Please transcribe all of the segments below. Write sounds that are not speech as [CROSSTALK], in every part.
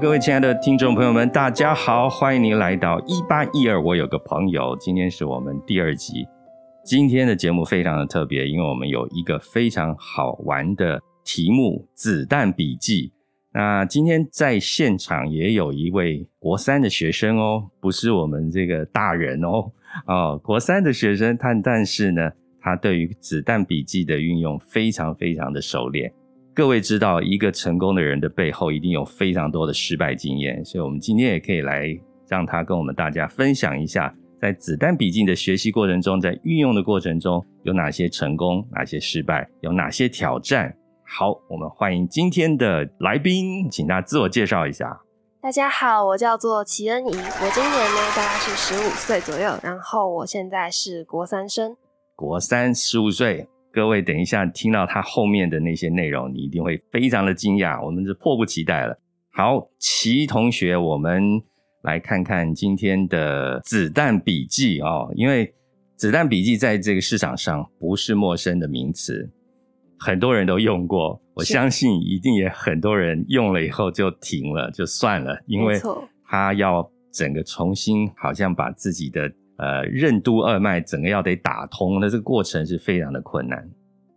各位親愛的聽眾朋友們，大家好，歡迎您來到一八一二。我有個朋友，今天是我們第二集。今天的節目非常的特別，因為我們有一個非常好玩的題目——子彈筆記。那今天在現場也有一位國三的學生哦，不是我們這個大人哦，哦，國三的學生，但但是呢，他對於子彈筆記的運用非常非常的熟練。各位知道，一個成功的人的背後一定有非常多的失敗經驗，所以我們今天也可以來讓他跟我們大家分享一下，在子彈筆記的學習過程中，在運用的過程中有哪些成功、哪些失敗、有哪些挑戰。好，我們歡迎今天的來賓，請他自我介紹一下。大家好，我叫做齊恩怡，我今年呢大概是十五歲左右，然後我現在是國三生，國三，十五歲。各位，等一下聽到他後面的那些內容，你一定會非常的驚訝。我們是迫不及待了。好，齊同學，我們來看看今天的子彈筆記哦，因為子彈筆記在這個市場上不是陌生的名詞，很多人都用過。我相信一定也很多人用了以後就停了，就算了，因為他要整個重新，好像把自己的。呃，任督二脈整個要得打通的，那這個過程是非常的困難。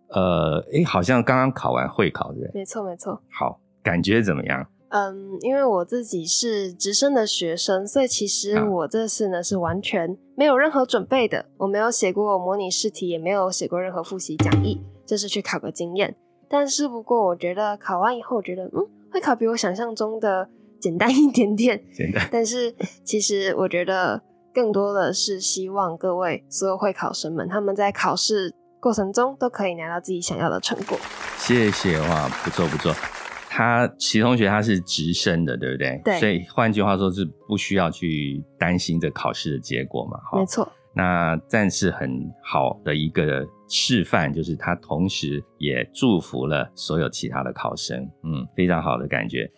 呃，哎，好像剛剛考完會考對，沒錯沒錯。好，感覺怎麼樣？嗯，因為我自己是直升的學生，所以其實我這次呢是完全沒有任何準備的，我沒有寫過模擬試題，也沒有寫過任何復習講義，這，就是去考個經驗。但是不過，我覺得考完以後，我覺得嗯，會考比我想象中的簡單一點點。簡單。但是其實我覺得。更多的是希望各位所有會考生們，他們在考試過程中都可以拿到自己想要的成果。謝謝。哇，不錯不錯。他齊同學他是直升的，對不對？對。所以換句話說是不需要去擔心這考試的結果嘛？沒錯。那但是很好的一個示範，就是他同時也祝福了所有其他的考生，嗯，非常好的感覺。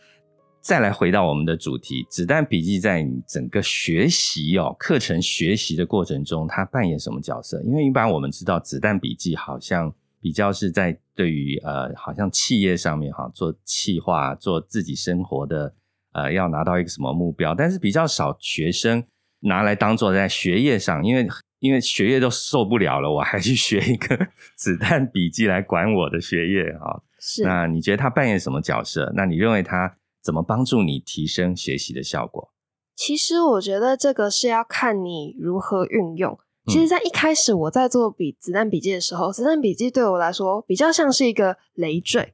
再來回到我們的主題，子彈筆記在你整個學習哦，課程學習的過程中，它扮演什麼角色？因為一般我們知道，子彈筆記好像比較是在對於呃，好像企業上面哈做企劃，做自己生活的呃要拿到一個什麼目標，但是比較少學生拿來當做在學業上，因為因為學業都受不了了，我還去學一個子彈筆記來管我的學業啊、哦？是，那你覺得它扮演什麼角色？那你認為它？怎麼幫助你提升學習的效果？其實我覺得這個是要看你如何運用。其實，在一開始我在做筆子彈筆記的時候、嗯，子彈筆記對我來說比較像是一個累贅，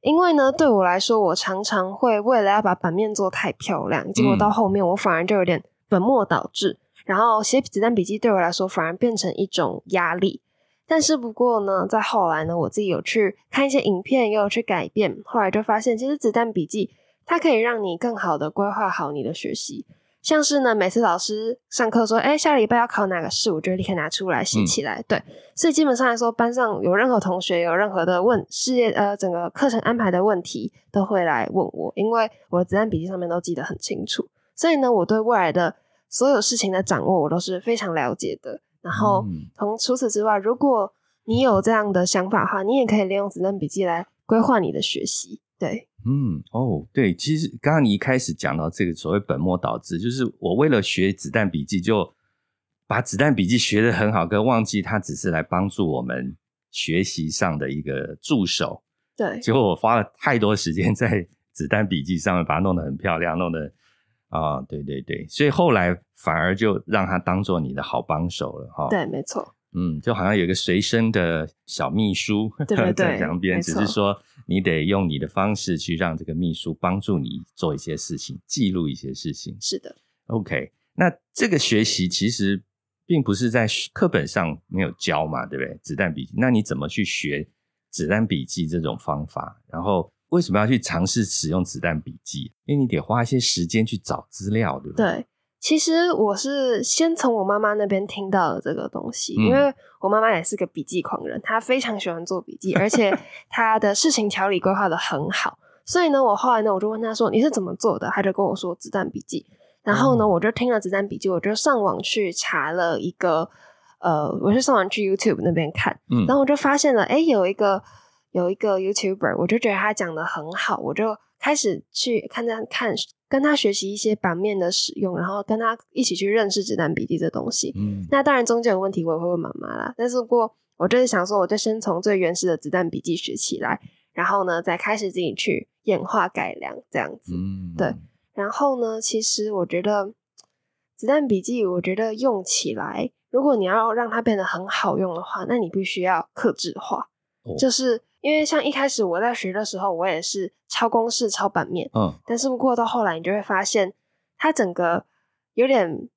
因為呢，對我來說，我常常會為了要把版面做太漂亮，結果到後面我反而就有點本末倒置、嗯。然後寫子彈筆記對我來說反而變成一種壓力。但是不過呢，在後來呢，我自己有去看一些影片，也有去改變，後來就發現其實子彈筆記。它可以讓你更好的規劃好你的學習，像是呢，每次老師上課說，哎、欸，下禮拜要考哪個試，我覺得你可以拿出來寫起來、嗯。對，所以基本上來說，班上有任何同學有任何的問事業呃，整個課程安排的問題，都會來問我，因為我的子彈筆記上面都記得很清楚，所以呢，我對未來的所有事情的掌握，我都是非常了解的。然後從、嗯、除此之外，如果你有這樣的想法的話，你也可以利用子彈筆記來規劃你的學習。對。嗯哦，對，其實剛剛你一開始講到這個所謂本末倒置，就是我為了學子彈筆記，就把子彈筆記學得很好，跟忘記它只是來幫助我們學習上的一個助手。對，結果我花了太多時間在子彈筆記上面，把它弄得很漂亮，弄得啊、哦，對對對，所以後來反而就讓它當做你的好幫手了哈、哦。對，沒錯。嗯，就好像有一個隨身的小秘書在旁邊，對對對，只是說你得用你的方式去讓這個秘書幫助你做一些事情，記錄一些事情。是的。OK，那這個學習其實並不是在課本上沒有教嘛，對不對？子彈筆記，那你怎麼去學子彈筆記這種方法？然後為什麼要去嘗試使用子彈筆記？因為你得花一些時間去找資料，對不對？對。其實我是先從我媽媽那邊聽到了這個東西，嗯，因為我媽媽也是個筆記狂人，她非常喜歡做筆記，而且她的事情條理規劃的很好。 [LAUGHS] 所以呢，我後來呢，我就問她說：“你是怎麼做的？”她就跟我說：“子彈筆記。嗯”然後呢，我就聽了子彈筆記，我就上網去查了一個，呃，我是上網去 YouTube 那邊看，嗯，然後我就發現了，哎，有一個有一個 YouTuber，我就覺得他講的很好，我就。開始去看他看跟他學習一些版面的使用，然後跟他一起去認識子彈筆記的東西。嗯，那當然中間有問題，我也會問媽媽啦。但是如果我就是想說，我就先從最原始的子彈筆記學起來，然後呢再開始自己去演化改良這樣子，嗯。對。然後呢，其實我覺得子彈筆記，我覺得用起來，如果你要讓它變得很好用的話，那你必須要客製化，哦，就是。因為像一開始我在學的時候，我也是抄公式、抄版面。嗯，但是不過到後來，你就會發現它整個有點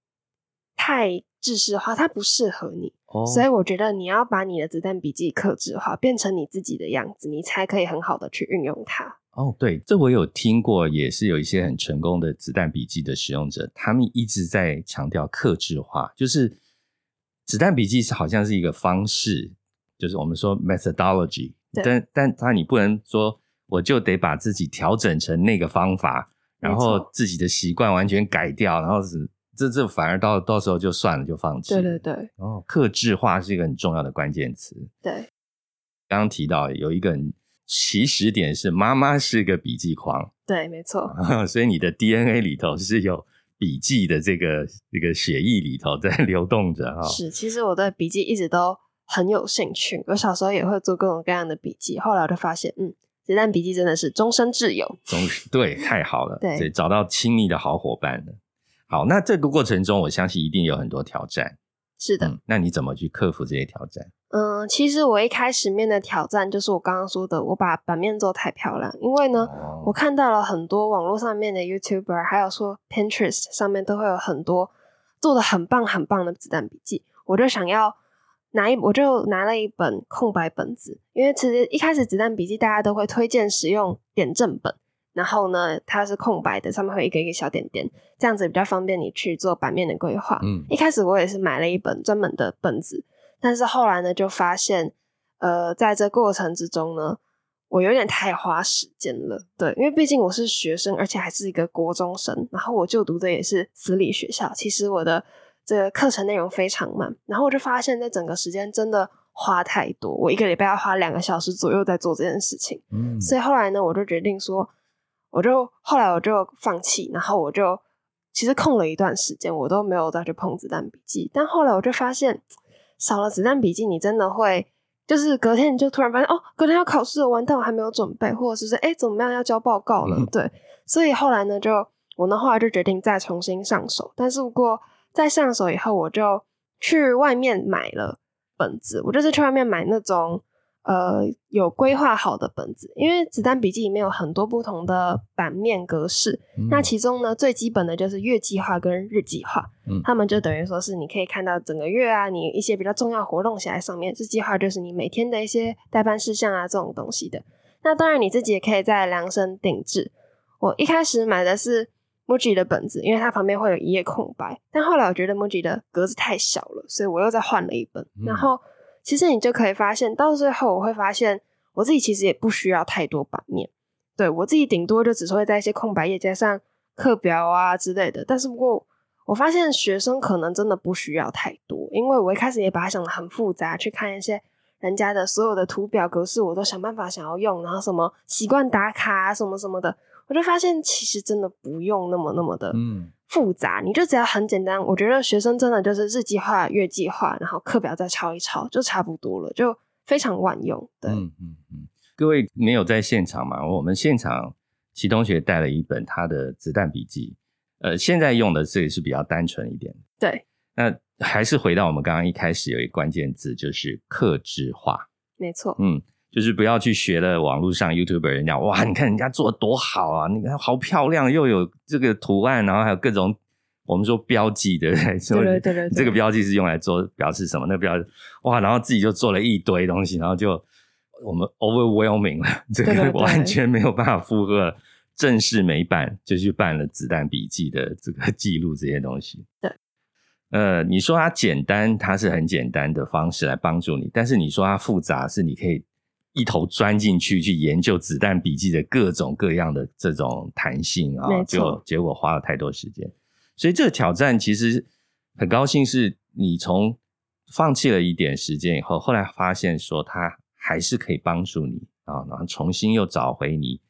太制式化，它不適合你。哦，所以我覺得你要把你的子彈筆記客製化，變成你自己的樣子，你才可以很好的去運用它。哦，對，這我有聽過，也是有一些很成功的子彈筆記的使用者，他們一直在強調客製化，就是子彈筆記是好像是一個方式，就是我們說 methodology。但但他，你不能說我就得把自己調整成那個方法，然後自己的習慣完全改掉，然後是這這反而到到時候就算了，就放棄。對對對，哦，客製化是一個很重要的關鍵詞。對，剛剛提到有一個起始點是媽媽是個筆記狂。對，沒錯。所以你的 DNA 裡頭是有筆記的這個這個血液裡頭在流動着哈。是，其實我對筆記一直都很有興趣，我小時候也會做各種各樣的筆記，後來我就發現，嗯，子彈筆記真的是終身摯友，終 [LAUGHS] 對，太好了，對，對找到親密的好夥伴了。好，那這個過程中，我相信一定有很多挑戰，是的、嗯。那你怎麼去克服這些挑戰？嗯，其實我一開始面的挑戰就是我剛剛說的，我把版面做太漂亮，因為呢、哦，我看到了很多網絡上面的 YouTuber，還有說 Pinterest 上面都會有很多做得很棒很棒的子彈筆記，我就想要。拿一，我就拿了一本空白本子，因為其實一開始子彈筆記大家都會推薦使用點陣本，然後呢，它是空白的，上面會有一個一個小點點，這樣子比較方便你去做版面的規劃。嗯，一開始我也是買了一本專門的本子，但是後來呢，就發現，呃，在這過程之中呢，我有點太花時間了，對，因為畢竟我是學生，而且還是一個國中生，然後我就讀的也是私立學校，其實我的。這個課程內容非常慢，然後我就發現，在整個時間真的花太多。我一個禮拜要花兩個小時左右在做這件事情，嗯。所以後來呢，我就決定說，我就後來我就放棄，然後我就其實空了一段時間，我都沒有再去碰子彈筆記。但後來我就發現，少了子彈筆記，你真的會就是隔天你就突然發現哦，隔天要考試了，完蛋，我還沒有準備，或者是說誒怎麼樣要交報告了，嗯，對。所以後來呢，就我呢，後來就決定再重新上手，但是不過。在上手以後，我就去外面買了本子。我就是去外面買那種呃有規劃好的本子，因為子彈筆記裡面有很多不同的版面格式。嗯、那其中呢，最基本的就是月計劃跟日計劃，他、嗯、們就等於說是你可以看到整個月啊，你一些比較重要活動寫在上面；日計劃就是你每天的一些待辦事項啊這種東西的。那當然你自己也可以再量身定制。我一開始買的是 Muji 的本子，因為它旁邊會有一頁空白。但後來我覺得 Muji 的格子太小了，所以我又再換了一本。嗯、然後其實你就可以發現，到最後我會發現我自己其實也不需要太多版面。對我自己，頂多就只是會在一些空白頁加上課表啊之類的。但是不過我，我發現學生可能真的不需要太多，因為我一開始也把它想得很複雜，去看一些人家的所有的圖表格式，我都想辦法想要用，然後什麼習慣打卡、啊、什麼什麼的。我就發現，其實真的不用那麼那麼的複雜、嗯，你就只要很簡單。我覺得學生真的就是日計劃、月計劃，然後課表再抄一抄，就差不多了，就非常萬用。對、嗯嗯，各位沒有在現場嘛？我們現場齊同學帶了一本他的子彈筆記、呃，現在用的這也是比較單純一點。對，那還是回到我們剛剛一開始有一關鍵字，就是客製化。沒錯，嗯。就是不要去學了網絡上 YouTuber 人家哇，你看人家做的多好啊，你看好漂亮，又有這個圖案，然後還有各種我們說標記，對不對？對對對對，這個標記是用來做表示什麼？那表示哇，然後自己就做了一堆東西，然後就我們 overwhelming 了，這個完全沒有辦法負荷。正式沒辦對對對，就去辦了子彈筆記的這個記錄這些東西。對，呃，你說它簡單，它是很簡單的方式來幫助你，但是你說它複雜，是你可以。一頭鑽進去去研究《子彈筆記》的各種各樣的這種彈性啊，就、哦、結，結果花了太多時間，所以這個挑戰其實很高興，是你從放棄了一點時間以後，後來發現說它還是可以幫助你啊、哦，然後重新又找回你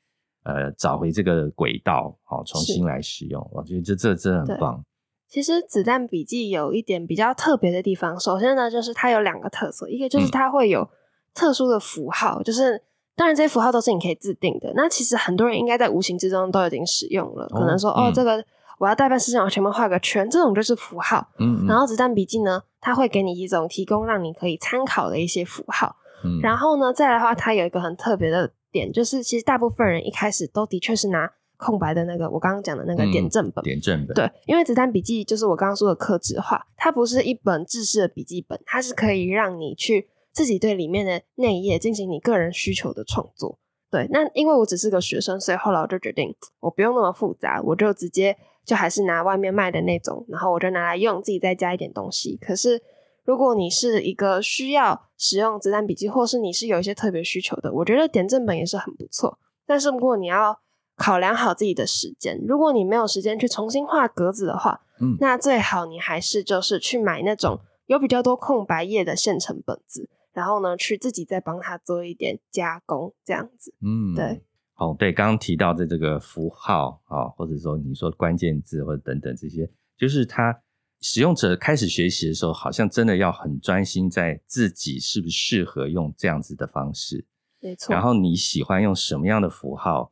呃，找回這個軌道，好、哦、重新來使用。我覺得這這真的很棒。其實《子彈筆記》有一點比較特別的地方，首先呢，就是它有兩個特色，一個就是它會有、嗯。特殊的符號，就是當然這些符號都是你可以自定的。那其實很多人應該在無形之中都已經使用了。哦、可能說、嗯、哦，這個我要代辦事項，我全部畫個圈，這種就是符號。嗯、嗯，然後子彈筆記呢，它會給你一種提供讓你可以參考的一些符號。嗯，然後呢，再來的話，它有一個很特別的點，就是其實大部分人一開始都的確是拿空白的那個我剛剛講的那個點陣本、嗯。點陣本，對，因為子彈筆記就是我剛剛說的客製化，它不是一本制式的筆記本，它是可以讓你去。自己對裡面的內頁進行你個人需求的創作。對，那因為我只是個學生，所以後來我就決定我不用那麼複雜，我就直接就還是拿外面賣的那種，然後我就拿來用，自己再加一點東西。可是如果你是一個需要使用子彈筆記，或是你是有一些特別需求的，我覺得點陣本也是很不錯。但是如果你要考量好自己的時間，如果你沒有時間去重新畫格子的話，那最好你還是就是去買那種有比較多空白頁的現成本子。然後呢，去自己再幫他做一點加工，這樣子。嗯，對。好、哦，對，剛剛提到的這個符號啊、哦，或者說你說關鍵字或者等等這些，就是他使用者開始學習的時候，好像真的要很專心在自己是不是適合用這樣子的方式。沒錯。然後你喜歡用什麼樣的符號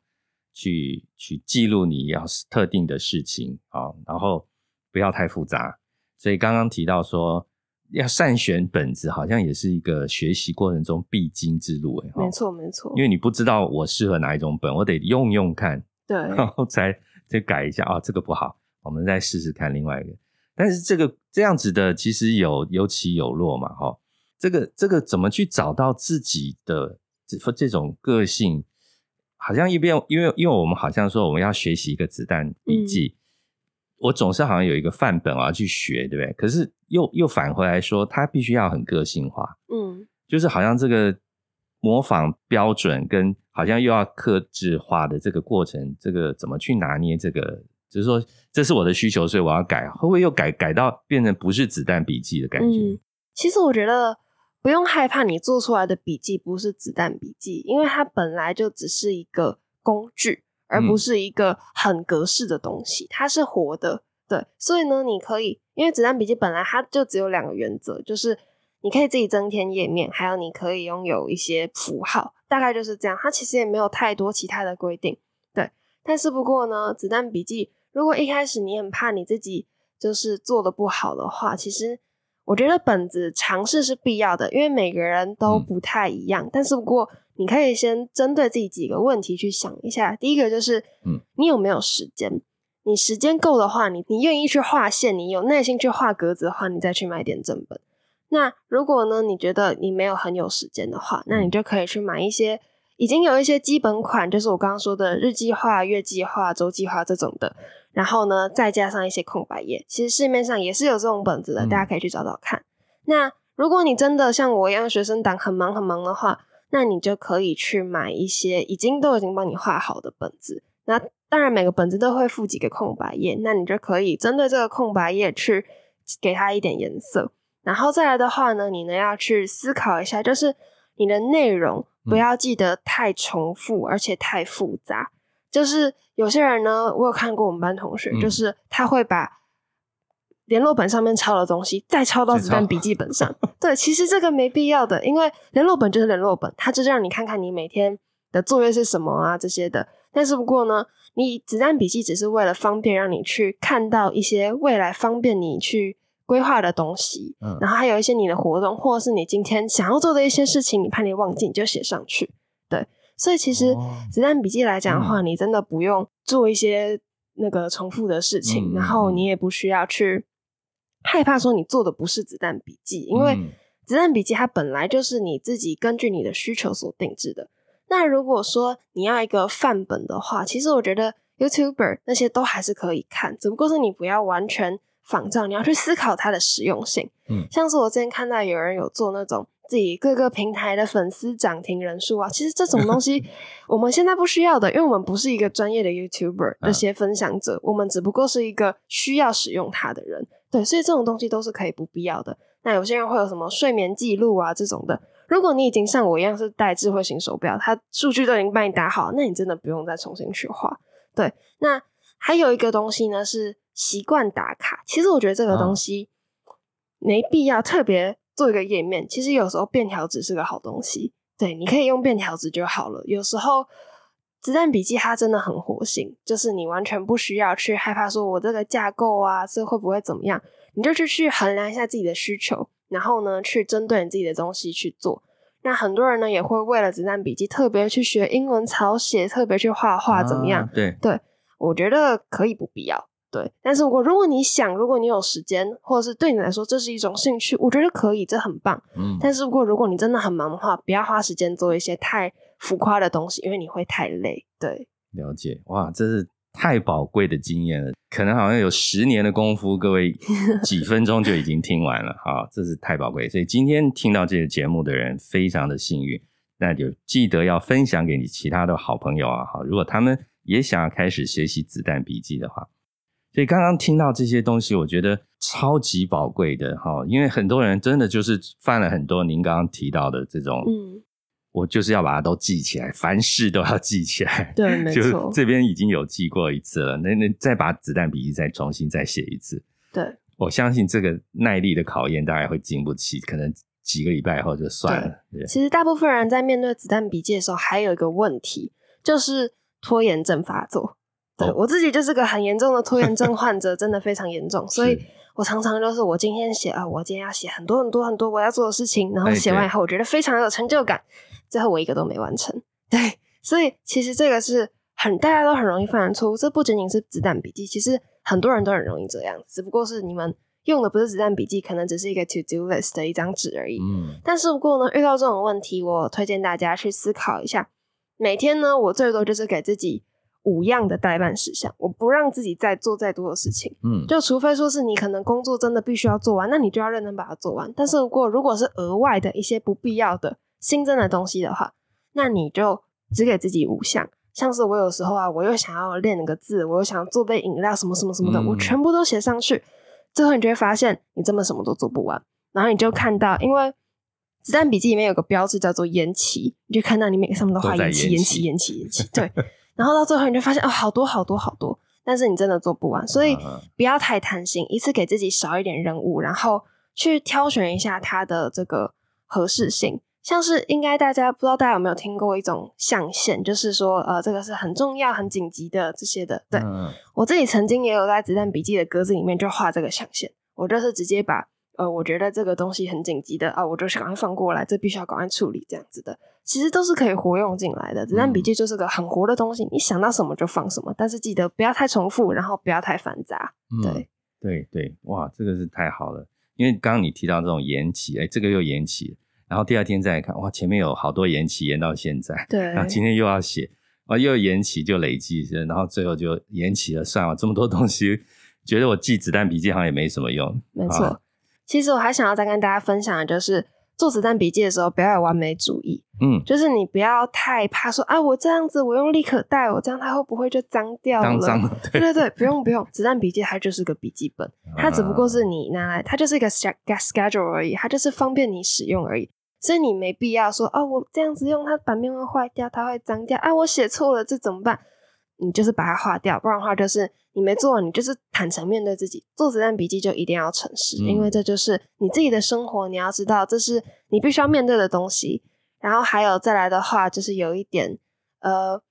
去去記錄你要特定的事情啊、哦？然後不要太複雜。所以剛剛提到說。要善選本子，好像也是一個學習過程中必經之路哎。沒錯，沒錯，因為你不知道我適合哪一種本，我得用用看，對，然後才再改一下啊、哦，這個不好，我們再試試看另外一個。但是這個這樣子的，其實有有起有落嘛，哈。這個這個怎麼去找到自己的這這種個性？好像一邊因為因為我們好像說我們要學習一個子彈筆記。嗯我總是好像有一個範本我要去學，對不對？可是又又反回來說，它必須要很個性化，嗯，就是好像這個模仿標準跟好像又要客製化的這個過程，這個怎麼去拿捏？這個就是說，這是我的需求，所以我要改，會不會又改改到變成不是子彈筆記的感覺？嗯，其實我覺得不用害怕，你做出來的筆記不是子彈筆記，因為它本來就只是一個工具。而不是一個很格式的東西，嗯、它是活的，對。所以呢，你可以，因為子彈筆記本來，它就只有兩個原則，就是你可以自己增添頁面，還有你可以擁有一些符號，大概就是這樣。它其實也沒有太多其他的規定，對。但是不過呢，子彈筆記，如果一開始你很怕你自己就是做的不好的話，其實我覺得本子嘗試是必要的，因為每個人都不太一樣。嗯、但是不過。你可以先針對自己幾個問題去想一下。第一個就是，嗯，你有沒有時間？你時間夠的話，你你願意去畫線，你有耐心去畫格子的話，你再去買點陣本。那如果呢，你覺得你沒有很有時間的話，那你就可以去買一些已經有一些基本款，就是我剛剛說的日計劃、月計劃、周計劃這種的。然後呢，再加上一些空白頁。其實市面上也是有這種本子的，大家可以去找找看。那如果你真的像我一樣學生黨，很忙很忙的話，那你就可以去買一些已經都已經幫你畫好的本子。那當然，每個本子都會附幾個空白頁。那你就可以針對這個空白頁去給它一點顏色。然後再來的話呢，你呢要去思考一下，就是你的內容不要記得太重複、嗯，而且太複雜。就是有些人呢，我有看過我們班同學，嗯、就是他會把聯絡本上面抄的東西再抄到子彈筆記本上。 [LAUGHS] 對，其實這個沒必要的，因為聯絡本就是聯絡本，它就是讓你看看你每天的作業是什麼啊這些的。但是不過呢，你子彈筆記只是為了方便讓你去看到一些未來方便你去規劃的東西，嗯，然後還有一些你的活動，或是你今天想要做的一些事情，你怕你忘記，你就寫上去。對，所以其實子彈筆記來講的話，嗯，你真的不用做一些那個重複的事情，嗯嗯嗯嗯，然後你也不需要去。害怕說你做的不是子彈筆記，因為子彈筆記它本來就是你自己根據你的需求所定制的。那如果說你要一個範本的話，其實我覺得 YouTuber 那些都還是可以看，只不過是你不要完全仿照，你要去思考它的實用性。嗯，像是我之前看到有人有做那種自己各個平台的粉絲漲停人數啊，其實這種東西我們現在不需要的， [LAUGHS] 因為我們不是一個專業的 YouTuber，那些分享者，啊、我們只不過是一個需要使用它的人。對，所以這種東西都是可以不必要的。那有些人會有什麼睡眠記錄啊這種的，如果你已經像我一樣是戴智慧型手錶，它數據都已經幫你打好，那你真的不用再重新去畫。對，那還有一個東西呢是習慣打卡。其實我覺得這個東西沒必要特別做一個頁面，嗯。其實有時候便條紙是個好東西，對，你可以用便條紙就好了。有時候。子彈筆記它真的很活性，就是你完全不需要去害怕說，我這個架構啊，這會不會怎麼樣？你就去去衡量一下自己的需求，然後呢，去針對你自己的東西去做。那很多人呢，也會為了子彈筆記特別去學英文抄寫，特別去畫畫，怎麼樣？啊、對對，我覺得可以不必要，對。但是如果如果你想，如果你有時間，或者是對你來說這是一種興趣，我覺得可以，這很棒。嗯。但是如果如果你真的很忙的話，不要花時間做一些太。浮誇的東西，因為你會太累。對，了解，哇，這是太寶貴的經驗了。可能好像有十年的功夫，各位幾分鐘就已經聽完了。好、 [LAUGHS] 哦，這是太寶貴。所以今天聽到這個節目的人非常的幸運，那就記得要分享給你其他的好朋友啊！好，如果他們也想要開始學習子彈筆記的話，所以剛剛聽到這些東西，我覺得超級寶貴的、哦、因為很多人真的就是犯了很多您剛剛提到的這種、嗯我就是要把它都記起來，凡事都要記起來。對，沒錯。就這邊已經有記過一次了，那那再把子彈筆記再重新再寫一次。對，我相信這個耐力的考驗大概會經不起，可能幾個禮拜以後就算了。對，對，其實，大部分人在面對子彈筆記的時候，還有一個問題就是拖延症發作。對、哦、我自己就是個很嚴重的拖延症患者， [LAUGHS] 真的非常嚴重，所以我常常就是我今天寫啊，我今天要寫很多很多很多我要做的事情，然後寫完以後我覺得非常有成就感。欸最後我一個都沒完成，對，所以其實這個是很大家都很容易犯的錯誤。這不僅僅是子彈筆記，其實很多人都很容易這樣，只不過是你們用的不是子彈筆記，可能只是一個 to do list 的一張紙而已。嗯，但是如果呢，遇到這種問題，我推薦大家去思考一下。每天呢，我最多就是給自己五樣的待辦事項，我不讓自己再做再多的事情。嗯，就除非說是你可能工作真的必須要做完，那你就要認真把它做完。但是如果如果是額外的一些不必要的，新增的東西的話，那你就只給自己五項，像是我有時候啊，我又想要練那個字，我又想要做杯飲料，什麼什麼什麼的，嗯、我全部都寫上去，最後你就會發現你真的什麼都做不完。然後你就看到，因為子彈筆記裡面有個標誌叫做延期，你就看到你每個上面都畫延，延，延，延，延期、延期、延期、延期，對。 [LAUGHS] 然後到最後你就發現哦，好多好多好多，但是你真的做不完，所以不要太貪心、啊，一次給自己少一點任務，然後去挑選一下它的這個合適性。像是應該大家不知道，大家有沒有聽過一種象限？就是說呃，這個是很重要、很緊急的這些的、嗯。嗯、對，我自己曾經也有在子彈筆記的格子裡面就畫這個象限，我就是直接把呃，我覺得這個東西很緊急的啊，我就趕快放過來，這必須要趕快處理這樣子的。其實都是可以活用進來的，子彈筆記就是個很活的東西，你想到什麼就放什麼，但是記得不要太重複，然後不要太繁雜、嗯。對對對，對，哇，這個是太好了，因為剛剛你提到這種延期，哎，這個又延期。然後第二天再來看，哇，前面有好多延期，延到現在。對。然後今天又要寫，哇，又延期，就累積，然後最後就延期了，算了，這麼多東西，覺得我記子彈筆記好像也沒什麼用。沒錯，其實我還想要再跟大家分享的就是做子彈筆記的時候，不要有完美主義。嗯。就是你不要太怕說啊，我這樣子，我用立可帶，我這樣它會不會就髒掉了？髒了，對對對，不用不用， [LAUGHS] 子彈筆記它就是個筆記本，它只不過是你拿來，它就是一個 schedule 而已，它就是方便你使用而已。所以你沒必要說哦，我這樣子用它，版面會壞掉，它會髒掉。哎、啊，我寫錯了，這怎麼辦？你就是把它劃掉，不然的話就是你沒做，你就是坦誠面對自己。做子彈筆記就一定要誠實、嗯，因為這就是你自己的生活，你要知道這是你必須要面對的東西。然後還有再來的話，就是有一點呃，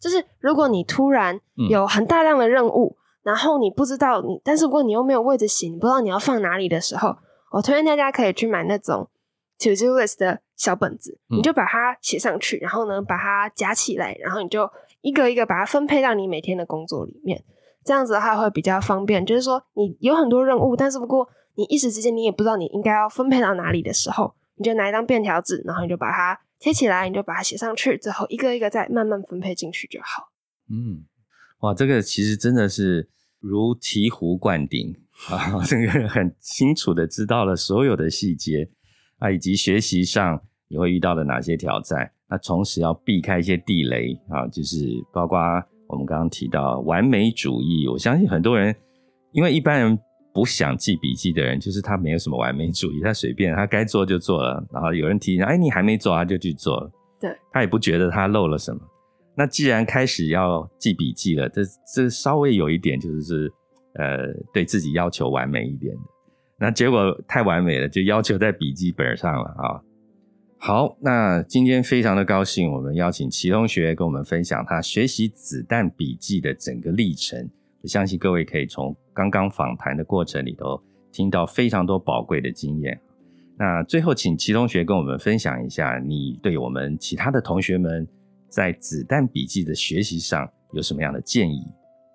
就是如果你突然有很大量的任務、嗯，然後你不知道你，但是如果你又沒有位置寫，你不知道你要放哪裡的時候，我推薦大家可以去買那種。to do list 的小本子，嗯、你就把它寫上去，然後呢，把它夾起來，然後你就一個一個把它分配到你每天的工作裡面。這樣子的話會比較方便。就是說，你有很多任務，但是不過你一時之間你也不知道你應該要分配到哪裡的時候，你就拿一張便條紙，然後你就把它貼起來，你就把它寫上去，之後一個一個再慢慢分配進去就好。嗯，哇，這個其實真的是如醍醐灌頂 [LAUGHS] 啊！這個很清楚的知道了所有的細節。啊，以及學習上你會遇到的哪些挑戰？那同時要避開一些地雷啊，就是包括我們剛剛提到完美主義。我相信很多人，因為一般人不想記筆記的人，就是他沒有什麼完美主義，他隨便，他該做就做了。然後有人提醒，哎，你還沒做，他就去做了。對，他也不覺得他漏了什麼。那既然開始要記筆記了，這這稍微有一點，就是是呃，對自己要求完美一點的。那結果太完美了，就要求在筆記本上了啊。好，那今天非常的高興，我們邀請齊同學跟我們分享他學習子彈筆記的整個歷程。我相信各位可以從剛剛訪談的過程裡頭聽到非常多寶貴的經驗。那最後，請齊同學跟我們分享一下，你對我們其他的同學們在子彈筆記的學習上有什麼樣的建議？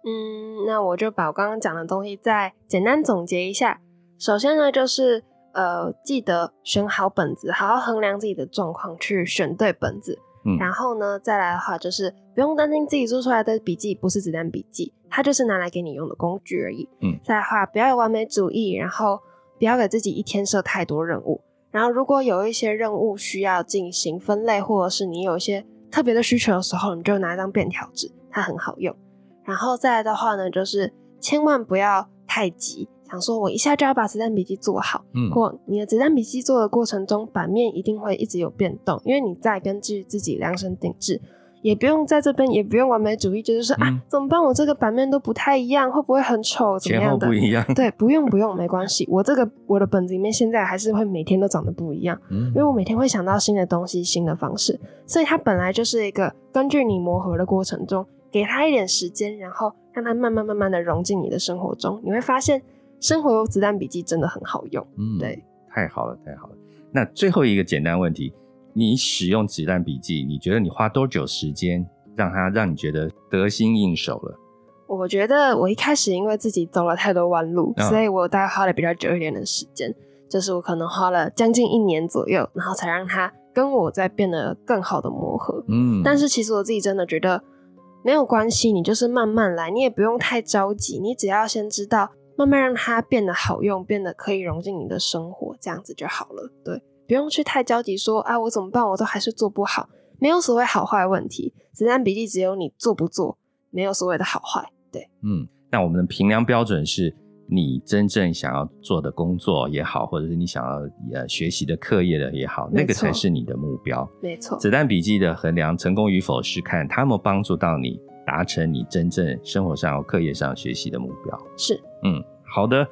嗯，那我就把我剛剛講的東西再簡單總結一下。首先呢，就是呃，記得選好本子，好好衡量自己的狀況去選對本子。嗯，然後呢，再來的話，就是不用擔心自己做出來的筆記不是子彈筆記，它就是拿來給你用的工具而已。嗯，再來的話，不要有完美主義，然後不要給自己一天設太多任務。然後，如果有一些任務需要進行分類，或者是你有一些特別的需求的時候，你就拿一張便條紙，它很好用。然後再來的話呢，就是千萬不要太急。想說，我一下就要把子彈筆記做好。嗯，或你的子彈筆記做的過程中，版面一定會一直有變動，因為你在根據自己量身定製，也不用在這邊也不用完美主義，就是說、嗯、啊，怎麼辦？我這個版面都不太一樣，會不會很醜？怎麼樣的？前後不一樣。對，不用不用，沒關係。我這個我的本子裡面現在還是會每天都長得不一樣、嗯，因為我每天會想到新的東西，新的方式，所以它本來就是一個根據你磨合的過程中，給它一點時間，然後讓它慢慢慢慢的融進你的生活中，你會發現。生活有子彈筆記真的很好用，嗯，對，太好了，太好了。那最後一個簡單問題，你使用子彈筆記，你覺得你花多久時間讓它讓你覺得得心應手了？我覺得我一開始因為自己走了太多彎路，哦，所以我大概花了比較久一點的時間，就是我可能花了將近一年左右，然後才讓它跟我在變得更好的磨合。嗯，但是其實我自己真的覺得沒有關係，你就是慢慢來，你也不用太着急，你只要先知道。慢慢讓它變得好用，變得可以融進你的生活，這樣子就好了。對，不用去太焦急說啊，我怎麼辦？我都還是做不好。沒有所謂好壞問題，子彈筆記只有你做不做，沒有所謂的好壞。對，嗯，那我們的評量標準是你真正想要做的工作也好，或者是你想要呃學習的課業的也好，那個才是你的目標。沒錯，子彈筆記的衡量成功與否是看它有沒有幫助到你，達成你真正生活上課業上學習的目標。是。嗯，好的，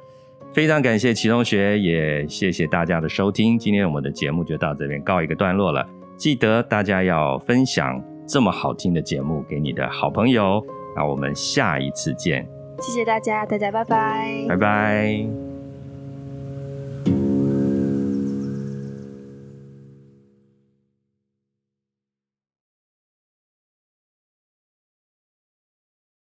非常感謝齊同學，也謝謝大家的收聽，今天我們的節目就到這邊告一個段落了。記得大家要分享這麼好聽的節目給你的好朋友。那我們下一次見，謝謝大家，大家拜拜，拜拜。